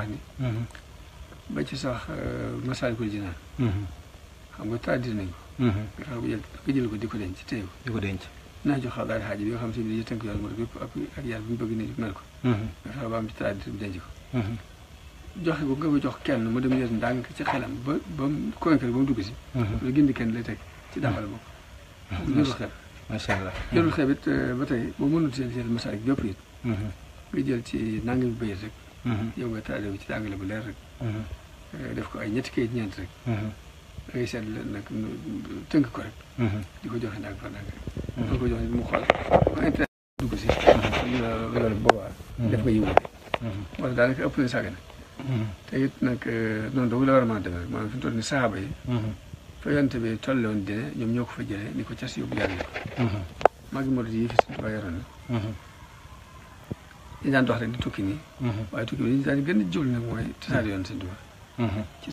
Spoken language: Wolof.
ma ni mhm. ba ci sax euh, Masaalikul Jinaan mhm. xam nga tàddi nañ ko mhm. nga xam nga jël ko di ko denc téye ko di ko denc naa jox xalaat xaaj bi nga xam si ne dañuy tënk yoon mooy bépp ak yàlla bu ñu bëgg nit mel ko nga xam ba am ci tàddi denc ko joxe ko nga ko jox kenn mu dem yéen ndànk ci xelam ba ba mu convaincre ba mu dugg si lu gindi kenn lay teg ci dàmbal euh, ba tey nga jël ci nangami bayit rek Mm-hmm. yow nga taalibe ci anglais bu leer rek mm-hmm. eh, def ko ay ñetti kayit ñeent rek mm-hmm. da ko rek di ko joxe ndànk fa ndànk rek ko joxe mu ma intérêt dugg si loolu boobaa def nga yiw wala daanaka ëpp a sàgg nag te it nag eh, noonu doogu la war a mën a demee rek maanaam fi mu toll ni saaba yi fa yonte bi tolle woon dine ñoom ñoo ko fa jëlee ni ko cas yóbbu yàlla ko magi moro di yi fi suñu tubaab dañu daan dox rek di tukki nii. Mm-hmm. waaye tukki bi dañu daan gën a jublu nag mooy tasaare yoon Sëñ Tuubaa. Mm-hmm.